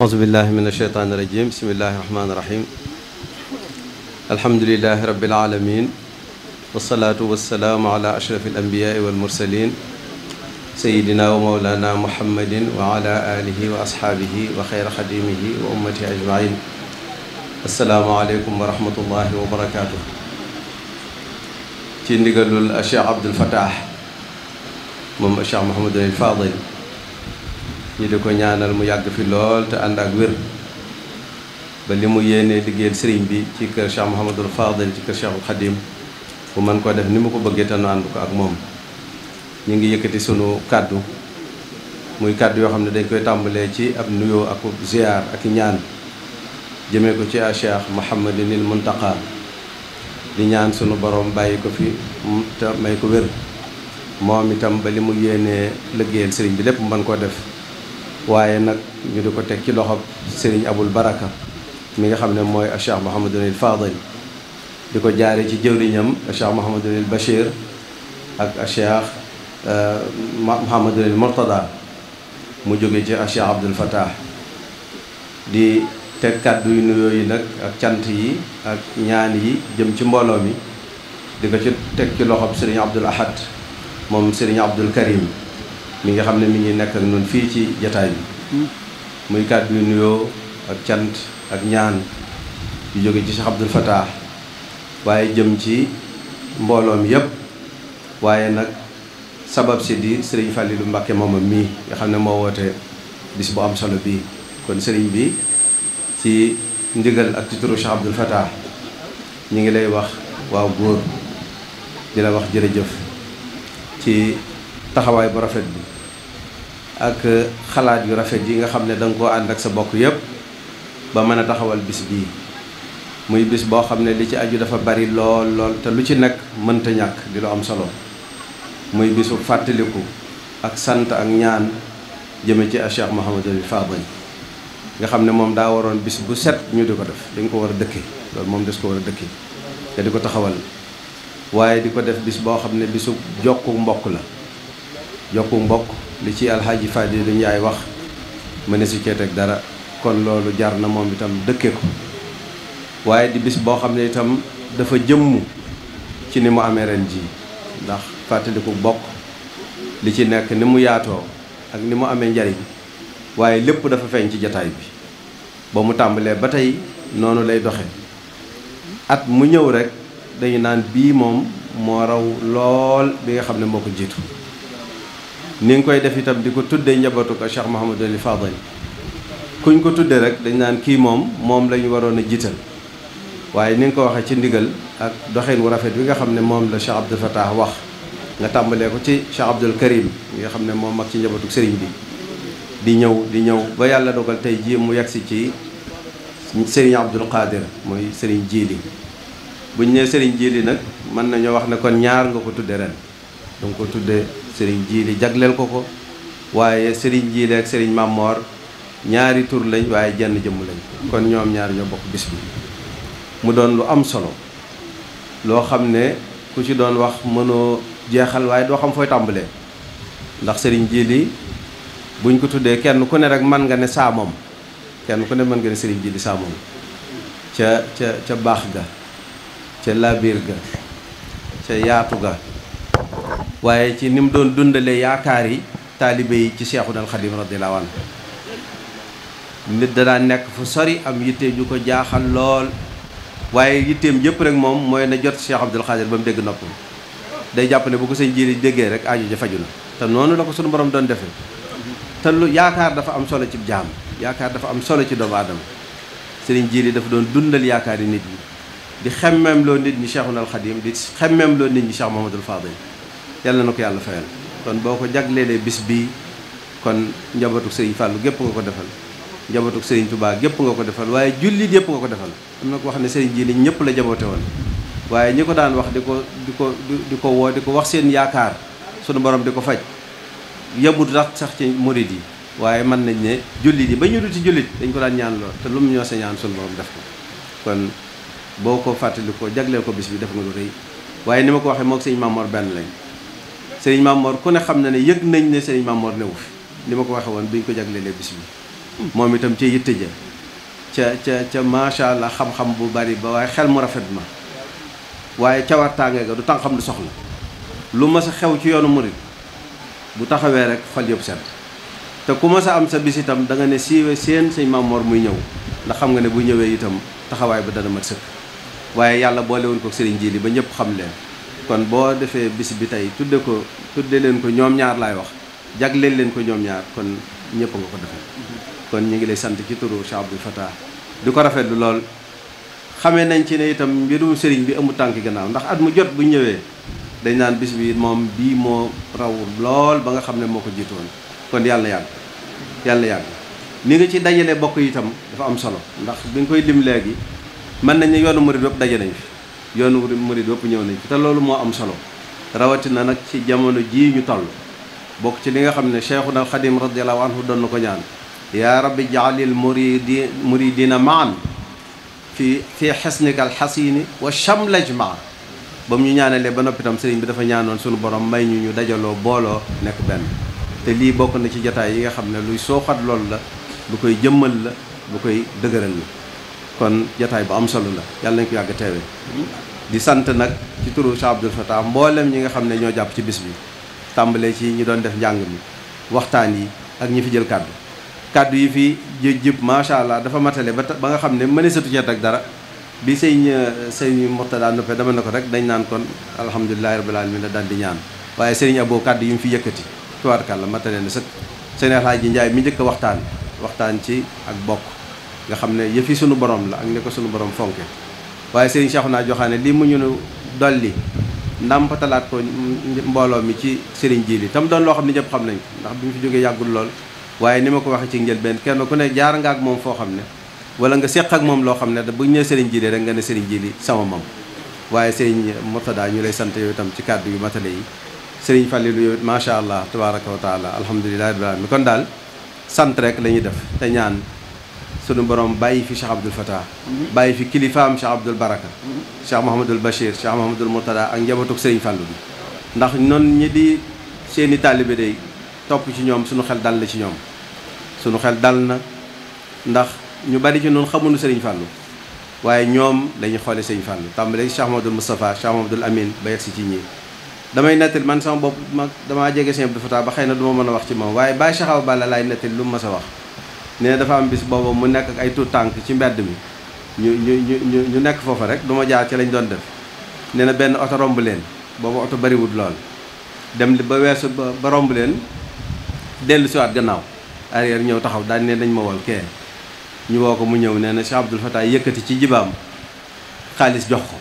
أعوذ بالله من الشيطان الرجيم بسم الله الرحمن الرحيم الحمد لله رب العالمين والصلاة والسلام على أشرف الأنبياء والمرسلين سيدنا ومولانا محمد وعلى آله وأصحابه وخير خديمه وأمته أجمعين السلام عليكم ورحمة الله وبركاته ci ndigalul Cheikh Abdoul Fattah moom Cheikh Mouhamadul Fadil ñi di ko ñaanal mu yàgg fi lool te ànd ak wér ba li mu yéene liggéeyal sëriñ bi ci kër Cheikh Mouhamadul Fadil ci kër Cheikhul Khadim bu mën ko def ni mu ko bëggee te nu ànd ko ak moom ñu ngi yëkkati sunu kàddu muy kàddu yoo xam ne dañ koy tàmbalee ci ab nuyoo ak ziar ak ñaan jëmee ko ci a Cheikh Mouhamadinil Muntaqa di ñaan sunu borom bàyyi ko fi te may ko wér moom itam ba li mu yéenee liggéeyal sëriñ bi lépp mu mën koo def waaye nag ñu di ko teg ci loxob Serigne Abul Baraka mi nga xam ne mooy Cheikh Mouhamadulil Fadil di ko jaare ci jëwriñam Cheikh Mouhamadulil Bachir ak Cheikh eh, Mouhamadulil Mourtada mu jóge ci Cheikh Abdoul Fattah di teg kàddu yu nuyoo yi nag ak cant yi ak ñaan yi jëm ci mbooloo mi di ko ci teg ci loxob Serigne Abdoul Ahad moom Serigne Abdoul Karim mi nga xam ne mi ngi nekk ak noonu fii ci jataay bi muy kàddu yu nuyoo ak cant ak ñaan yu jóge ci Cheikh Abdoul Fattah waaye jëm ci mbooloom yépp waaye nag sabab si di sëriñ Fallilou Mbacké moomam mii nga xam ne moo woote bis bu am solo bii kon sëriñ bi ci ndigal ak ci turu Cheikh Abdoul ñu ngi lay wax waaw góor di la wax jërëjëf ci taxawaay bu rafet bi ak xalaat yu rafet yi nga xam ne danga koo ànd ak sa bokk yépp ba mën a taxawal bis bii muy bis boo xam ne li ci aju dafa bari lool lool te lu ci nekk mënta ñàkk di lu am solo muy bisu fàttaliku ak sant ak ñaan jëme ci a Cheikh Mouhamadul yi nga xam ne moom daa waroon bis bu set ñu di ko def dañ ko war a dëkke loolu moom des ko war a dëkke te di ko taxawal waaye di ko def bis boo xam ne bisu jokku mbokk la yokku mbokk li ci alxaaji Fadilu Njaay wax mëne su cee dara kon loolu jar na moom itam dëkke ko waaye di bis boo xam ne itam dafa jëmm ci ni mu amee ren ji ndax fàttaliku bokk li ci nekk ni mu yaatoo ak ni mu amee njariñ waaye lépp dafa feeñ ci jataay bi ba mu tàmbalee ba tey noonu lay doxe at mu ñëw rekk dañu naan bii moom moo raw lool bi nga xam ne moo ko jiitu ni nga koy def itam di ko tuddee njabootu ko Cheikh Mouhamadul Fadil kuñ ko tuddee rek dañ naan kii moom moom la ñu waroon a jiital waaye ni nga ko waxee ci ndigal ak doxin wu rafet bi nga xam ne moom la Cheikh Abdoul Fattah wax nga tàmbalee ko ci Cheikh Abdoul Karim nga xam ne moom mag ci njabootu sëriñ bi di ñëw di ñëw ba yàlla dogal tey jii mu yegsi ci sëriñ Abdoul Qadir mooy sëriñ Jili buñ nee sëriñ Jili nag mën nañoo wax ne kon ñaar nga ren sëriñ jiili jagleel ko ko waaye sëriñ jiili ak sëriñ Mamor ñaari tur lañ waaye jenn jëmm lañ kon ñoom ñaar ñoo bokk bis mu doon lu am solo loo xam ne ku ci doon wax mënoo jeexal waaye doo xam fooy tàmbalee ndax sëriñ jiili buñ ko tuddee kenn ku ne rek mën nga ne saa kenn ku ne mën nga ne sëriñ jiili saa moom ca ca ca baax ga ca laabir ga ca yaatu ga waaye ci ni mu doon dundalee yaakaar yi taalibe yi ci Seexul Xadiim radiyallaahu anhu nit danaa nekk fu sori am yitteem ñu ko jaaxal lool waaye yitteem yëpp rek moom mooy na jot Cheikh Abdoul Khadir ba mu dégg noppam day jàpp ne bu ko sëñ jiri déggee rek aju ja faju te noonu la ko suñu borom doon defee te yaakaar dafa am solo ci jaam yaakaar dafa am solo ci doomu aadama sëriñ jiri dafa doon dundal yaakaar yi nit ñi di xemmeem loo nit ñi Cheikhul Khadim di xemmeem loo nit ñi Cheikh Mahamadul Fadil yàlla na ko yàlla fayal kon boo ko jagleelee bis bi kon njabootu sëriñ Fàllu gépp nga ko defal njabootu sëriñ Touba gépp nga ko defal waaye jullit yëpp nga ko defal am na ko wax ne sëriñ ji li ñëpp la jaboote woon waaye ñi ko daan wax di ko di ko di ko woo di ko wax seen yaakaar sunu borom di ko faj yëmut tax sax ci murid yi waaye mën nañ ne jullit yi ba ñu du ci jullit dañ ko daan ñaan lool te lu mu ñoo sa ñaan sunu borom def ko kon boo ko fàttali ko jagleel ko bis bi def nga lu rëy waaye ni ma ko waxee mook sëñ Mamoor benn lañ sëriñ Mamor ku ne xam na ne yëg nañ ne sëriñ Mamor newu fi li ma ko waxee woon bi ñu ko jaglelee bis bi moom itam ca yitte ja ca ca ca macha allah xam-xam bu bari ba waaye xel mu rafet ma waaye cawartaange ga du tàng xam du soxla lu ma sa xew ci yoonu murit bu taxawee rek xol yëpp set te ku ma sa am sa bis itam danga ne siiwe seen sëñ Mamor muy ñëw ndax xam nga ne bu ñëwee itam taxawaay ba dana mat sëkk waaye yàlla boolewuñ ko sëriñ ji li ba ñëpp xam leen kon boo defee bis bi tey tudde ko tudde leen ko ñoom ñaar laay wax jagleel leen ko ñoom ñaar kon ñëpp nga ko defee kon ñu ngi lay sant ci turu Cheikh Abdou Fatah di ko rafet lu lool xamee nañ ci ne itam mbirum sëriñ bi amul tànk gannaaw ndax at mu jot bu ñëwee dañ naan bis bi moom bii moo raw lool ba nga xam ne moo ko jiitoon kon yàlla yàgg yàlla yàgg ni nga ci dajale bokk itam dafa am solo ndax bi nga koy lim léegi mën nañ ne yoonu murid yëpp daje nañ yoonu murid wëpp ñëw nañ te loolu moo am solo rawatina nag ci jamono jii ñu toll bokk ci li nga xam ne Cheikhuna Xadim radiallahu anhu doon na ko ñaan yaa rabbi jaalil muridi muridina maan fi fi xesnika alxasini wa chamlaj maa ba mu ñu ñaanalee ba noppi tam sëriñ bi dafa ñaanoon sunu borom may ñu ñu dajaloo booloo nekk benn te lii bokk na ci jataay yi nga xam ne luy sooxat loolu la lu koy jëmmal la bu koy dëgëral la kon jataay bu am solo la yàlla nañ ko yàgg teewe di sant nag ci turu Cheikh Abdoul Fatah mboolem ñi nga xam ne ñoo jàpp ci bis bi tàmbalee ci ñi doon def njàng mi waxtaan yi ak ñi fi jël kàddu kàddu yi fi jëb macha allah dafa matale ba ba nga xam ne mënisatu ceet ak dara bi sëñ euh, sëñ Mourtada noppee dama ne ko rek dañ naan kon alhamdulilahi rabbil alamin la daan di ñaan waaye sëriñ Abo kàddu yi mu fi yëkkati tubaarkàlla matale na sëkk sëñ Alaaji Njaay mi njëkk a waxtaan waxtaan ci ak bokk nga xam ne yëfi sunu boroom la ak ni ko sunu borom fonke waaye Serigne Cheikhouna Joxaane lii mu ñu dolli ndàmpatalaat ko mbooloo mi ci Serigne Jili tam doon loo xam ne ñëpp xam nañ ndax bi mu fi jógee yàggul lool waaye ni ma ko waxee ci njëlbeen kenn ku ne jaara nga ak moom foo xam ne wala nga seq ak moom loo xam ne da bu ñu nee Serigne Jili rek nga ne Serigne Jili sama moom waaye moto Murtada ñu lay sant yow itam ci kàddu yu matale yi Serigne Fallilou yow it macha allah tabaraka wa taala alhamdulilahi rabbil alamin kon daal sant rek la ñuy def te sunu borom bàyyi fi Cheikh Abdoul Fatah bàyyi fi kilifaam Cheikh Abdoul Baraka Cheikh Mouhamadul Bachir Cheikh Mouhamadul Murtada ak njabootuk Serigne Fallou bi ndax noonu ñi di seeni taalibe day topp ci ñoom suñu xel dal na ci ñoom sunu xel dal na ndax ñu bari ci noonu xamuñu Serigne Fallou waaye ñoom dañuy xoole Serigne Fallou tàmbalee Cheikh Mouhamadul Moustapha Cheikh Mouhamadul Amine ba yegg si ci ñi damay nettali man sama bopp ma damaa jege Serigne Abdoul Fatah ba xëy na du mën a wax ci moom waaye bàyyi Cheikh lu mas a wax ne dafa am bis booba mu nekk ak ay tuut tànk ci mbedd mi ñu ñu ñu ñu nekk foofa rek duma jaar ci lañ doon def nee na benn oto romb leen booba oto bariwut lool dem ba weesu ba romb leen dellu siwaat gannaaw arrière ñëw taxaw daañu ne dañ ma wol kee ñu woo ko mu ñëw nee na Cheikh Abdoul Fatah yëkkati ci jibaam xaalis jox ko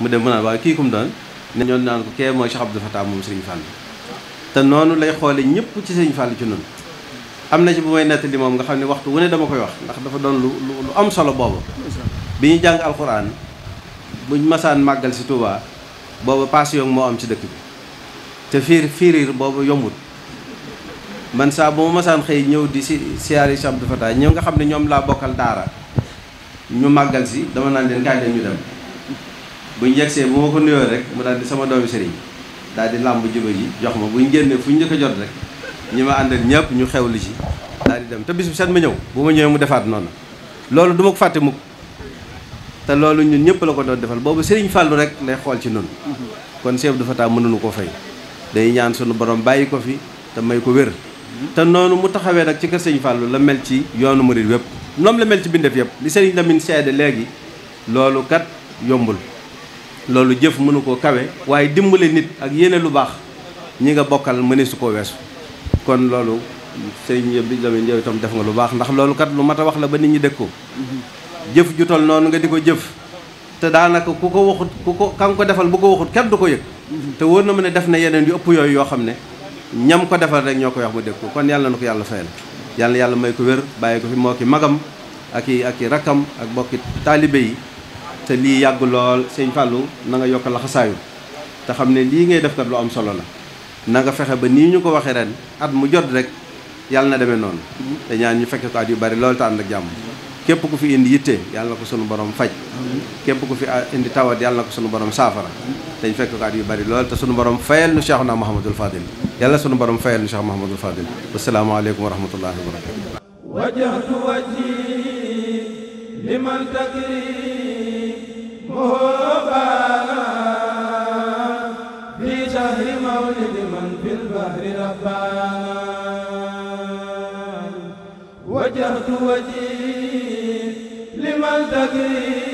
mu dem mu naan waaye kii kum doon ne ñoo naan ko kee mooy Cheikh Abdoul Fatah moom Serigne Fall te noonu lay xoole ñëpp ci Serigne Fall ci noonu am na ci bu may nettali moom nga xam ne waxtu wu ne dama koy wax ndax dafa doon lu lu am solo boobu bi ñu jàng alxuraan buñ masaan màggal si Touba boobu passion moo am ci dëkk bi te fiir fiiriir boobu yombul man saa bu ma masaan xëy ñëw di si siyaari si Abdou Fatah ñëw nga xam ne ñoom laa bokkal daara ñu màggal si dama naan leen kaay leen ñu dem buñ yegsee bu ma ko nuyoo rek mu daal di sama doomi sëriñ daal di làmb jubé yi jox ma buñ génnee fu ñu jot rek ñi ma àndal ñëpp ñu xew li ci daal di dem te bis bu set ma ñëw bu ma ñëwee mu defaat noonu loolu duma ko fàtte mukk te loolu ñun ñëpp la ko doon defal boobu Serigne fàllu rek lay xool ci noonu kon Cheikh Abdou Fatah mënuñu ko fay day ñaan sunu borom bàyyi ko fi te may ko wér te noonu mu taxawee nag ci kër Serigne Fallou la mel ci yoonu murid wépp noom la mel ci bindeef yëpp li Serigne Lamine seede léegi loolu kat yombul loolu jëf mënu koo kawe waaye dimbale nit ak yéene lu baax ñi nga bokkal mëne su koo weesu kon loolu sëriñ bi Lamin yow itam def nga lu baax ndax loolu kat lu mat a wax la ba nit ñi dégg ko jëf ju noonu nga di ko jëf te daanaka ku ko waxut ku ko kan ko defal bu ko waxut kenn du ko yëg te wóor na mu ne def na yeneen yu ëpp yooyu yoo xam ne ñam ko defal rek ñoo ko wax mu dégg ko kon yàlla na ko yàlla fayal yàlla yàlla may ko wér bàyyi ko fi moo ki magam ak i ak i rakkam ak bokki taalibe yi te lii yàgg lool sëñ Fallou na nga yokk laxasaayu te xam ne lii ngay def kat lu am solo la na fexe ba nii ñu ko waxee ren at mu jot rek yàlla na demee noonu te ñu fekke ko at yu bari loolu te ànd ak jàmm képp ku fi indi yitte yàlla na ko sunu borom faj képp ku fi ah, indi tawat yàlla na ko sunu borom saafara dañ fekk ko at yu bari lool te sunu borom fayal nu Cheikhuna Mahamadul Fadil yàlla sunu borom fayal nu Cheikh Mahamadul Fadil wasalaamaaleykum wa rahmatullahi wa barakatu wajjahtu wajhi liman takrim mohobana fi shahri mawlidi البحر ربانا وجهت وجهي لمن تقريب